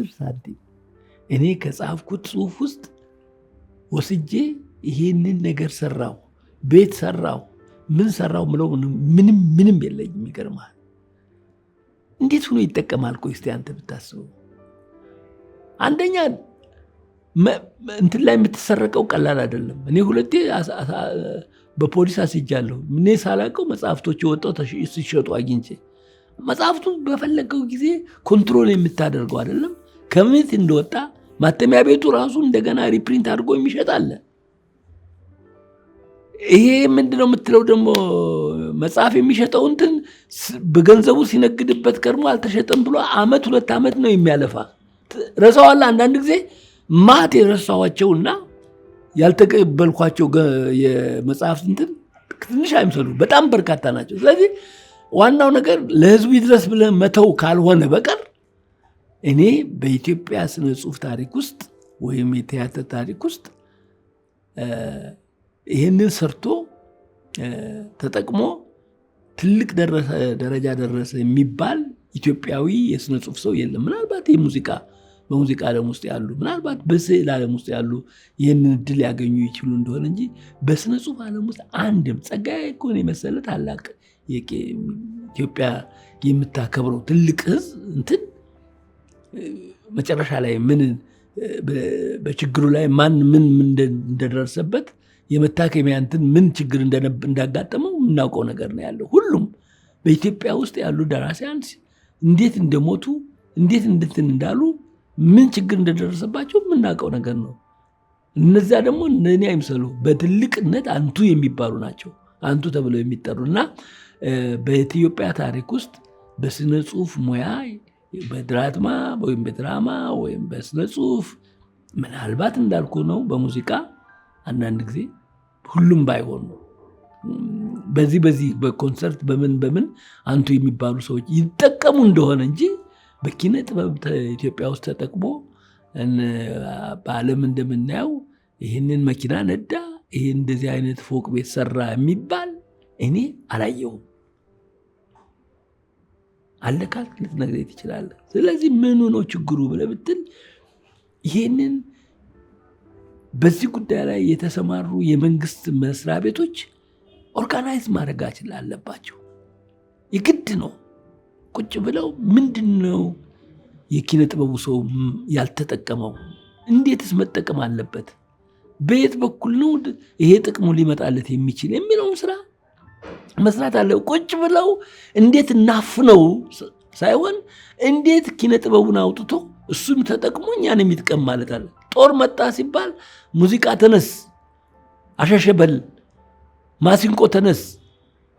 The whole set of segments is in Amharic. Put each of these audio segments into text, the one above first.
አስር ሳንቲም እኔ ከጻፍኩት ጽሁፍ ውስጥ ወስጄ ይህንን ነገር ሰራው፣ ቤት ሰራው፣ ምን ሰራው ምለው ምንም ምንም የለኝም። ይገርማል። እንዴት ሆኖ ይጠቀማል? ቆይ እስኪ አንተ ብታስበው። አንደኛ እንትን ላይ የምትሰረቀው ቀላል አይደለም። እኔ ሁለቴ በፖሊስ አስይጃለሁ። እኔ ሳላውቀው መጽሐፍቶች የወጣው ሲሸጡ አግኝቼ መጽሐፍቱ በፈለገው ጊዜ ኮንትሮል የምታደርገው አይደለም ከምት እንደወጣ ማተሚያ ቤቱ ራሱ እንደገና ሪፕሪንት አድርጎ የሚሸጥ አለ። ይሄ ምንድነው የምትለው ደግሞ መጽሐፍ የሚሸጠው እንትን በገንዘቡ ሲነግድበት ቀድሞ አልተሸጠም ብሎ አመት ሁለት ዓመት ነው የሚያለፋ። ረሳዋላ አንዳንድ ጊዜ ማት እና ያልተቀበልኳቸው የመጽሐፍት እንትን ትንሽ አይምሰሉ፣ በጣም በርካታ ናቸው። ስለዚህ ዋናው ነገር ለህዝቡ ይድረስ ብለህ መተው ካልሆነ በቀር እኔ በኢትዮጵያ ስነ ጽሁፍ ታሪክ ውስጥ ወይም የቲያትር ታሪክ ውስጥ ይህንን ሰርቶ ተጠቅሞ ትልቅ ደረጃ ደረሰ የሚባል ኢትዮጵያዊ የስነ ጽሁፍ ሰው የለም። ምናልባት የሙዚቃ በሙዚቃ ዓለም ውስጥ ያሉ ምናልባት በስዕል ዓለም ውስጥ ያሉ ይህንን እድል ያገኙ ይችሉ እንደሆነ እንጂ በስነ ጽሁፍ ዓለም ውስጥ አንድም ጸጋዬ እኮን የመሰለ ታላቅ ኢትዮጵያ የምታከብረው ትልቅ ህዝብ እንትን መጨረሻ ላይ ምን በችግሩ ላይ ማን ምን እንደደረሰበት የመታከሚያ እንትን ምን ችግር እንዳጋጠመው የምናውቀው ነገር ነው ያለው። ሁሉም በኢትዮጵያ ውስጥ ያሉ ደራሲያን እንዴት እንደሞቱ እንዴት እንድትን እንዳሉ ምን ችግር እንደደረሰባቸው የምናውቀው ነገር ነው። እነዛ ደግሞ እኔ አይምሰሉ በትልቅነት አንቱ የሚባሉ ናቸው። አንቱ ተብለው የሚጠሩ እና በኢትዮጵያ ታሪክ ውስጥ በስነ ጽሁፍ ሙያ በድራትማ ወይም በድራማ ወይም በስነ ጽሁፍ ምናልባት እንዳልኩ ነው። በሙዚቃ አንዳንድ ጊዜ ሁሉም ባይሆኑ በዚህ በዚህ በኮንሰርት በምን በምን አንቱ የሚባሉ ሰዎች ይጠቀሙ እንደሆነ እንጂ በኪነ ጥበብ ኢትዮጵያ ውስጥ ተጠቅሞ በዓለም እንደምናየው ይህንን መኪና ነዳ፣ ይህ እንደዚህ አይነት ፎቅ ቤት ሰራ የሚባል እኔ አላየውም። አለካት ልትነግረኝ ትችላለህ። ስለዚህ ምኑ ነው ችግሩ ብለህ ብትል ይህንን በዚህ ጉዳይ ላይ የተሰማሩ የመንግስት መስሪያ ቤቶች ኦርጋናይዝ ማድረጋችን አለባቸው። የግድ ነው። ቁጭ ብለው ምንድን ነው የኪነ ጥበቡ ሰው ያልተጠቀመው? እንዴትስ መጠቀም አለበት? በየት በኩል ነው ይሄ ጥቅሙ ሊመጣለት የሚችል የሚለውን ስራ መስራት አለ። ቁጭ ብለው እንዴት እናፍነው ሳይሆን እንዴት ኪነ ጥበቡን አውጥቶ እሱም ተጠቅሞ እኛን የሚጥቀም ማለት አለ። ጦር መጣ ሲባል ሙዚቃ ተነስ፣ አሸሸበል፣ ማሲንቆ ተነስ፣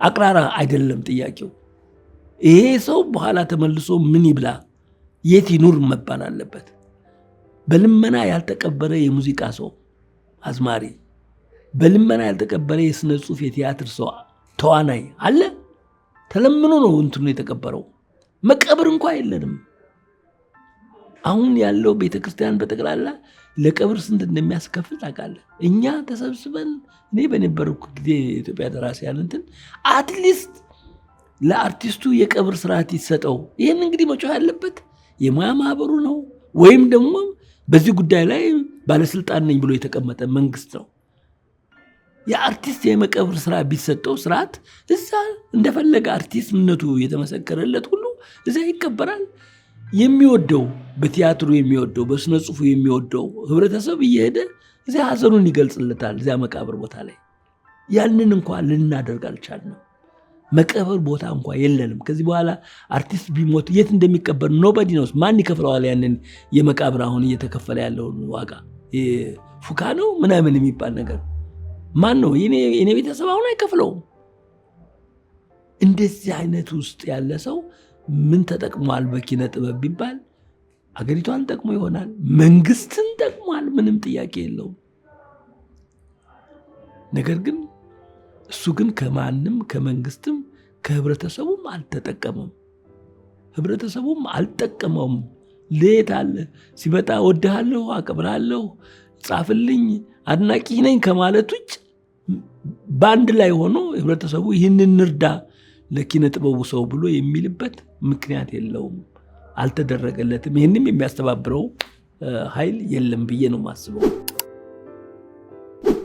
አቅራራ አይደለም ጥያቄው። ይሄ ሰው በኋላ ተመልሶ ምን ይብላ የት ይኑር መባል አለበት። በልመና ያልተቀበረ የሙዚቃ ሰው አዝማሪ፣ በልመና ያልተቀበረ የስነ ጽሑፍ የቲያትር ሰው ተዋናይ አለ። ተለምኖ ነው እንትኑ የተቀበረው። መቀብር እንኳ የለንም። አሁን ያለው ቤተክርስቲያን በጠቅላላ ለቀብር ስንት እንደሚያስከፍል ታውቃለህ? እኛ ተሰብስበን እኔ በነበረኩ ጊዜ የኢትዮጵያ ደራሲያን እንትን አትሊስት ለአርቲስቱ የቀብር ስርዓት ይሰጠው። ይህን እንግዲህ መጮህ ያለበት የሙያ ማህበሩ ነው፣ ወይም ደግሞ በዚህ ጉዳይ ላይ ባለስልጣን ነኝ ብሎ የተቀመጠ መንግስት ነው። የአርቲስት የመቀብር ስራ ቢሰጠው ስርዓት እዛ እንደፈለገ አርቲስት ምነቱ የተመሰከረለት ሁሉ እዚያ ይቀበራል። የሚወደው በቲያትሩ የሚወደው በስነ ጽሁፉ የሚወደው ህብረተሰብ እየሄደ እዚያ ሀዘኑን ይገልጽለታል። እዚያ መቃብር ቦታ ላይ ያንን እንኳ ልናደርግ አልቻልንም። መቀበር ቦታ እንኳ የለንም። ከዚህ በኋላ አርቲስት ቢሞት የት እንደሚቀበር ኖበዲ ነው። ማን ይከፍለዋል? ያንን የመቃብር አሁን እየተከፈለ ያለውን ዋጋ ፉካ ነው ምናምን የሚባል ነገር ማን ነው የኔ ቤተሰብ አሁን አይከፍለውም። እንደዚህ አይነት ውስጥ ያለ ሰው ምን ተጠቅሟል? በኪነ ጥበብ ቢባል አገሪቷን ጠቅሞ ይሆናል፣ መንግስትን ጠቅሟል፣ ምንም ጥያቄ የለውም። ነገር ግን እሱ ግን ከማንም ከመንግስትም ከህብረተሰቡም አልተጠቀመም፣ ህብረተሰቡም አልጠቀመውም። ሌት አለ ሲመጣ ወድሃለሁ፣ አቀብራለሁ ጻፍልኝ፣ አድናቂ ነኝ ከማለት ውጭ በአንድ ላይ ሆኖ ህብረተሰቡ ይህንን እርዳ ለኪነ ጥበቡ ሰው ብሎ የሚልበት ምክንያት የለውም፣ አልተደረገለትም። ይህንም የሚያስተባብረው ኃይል የለም ብዬ ነው የማስበው።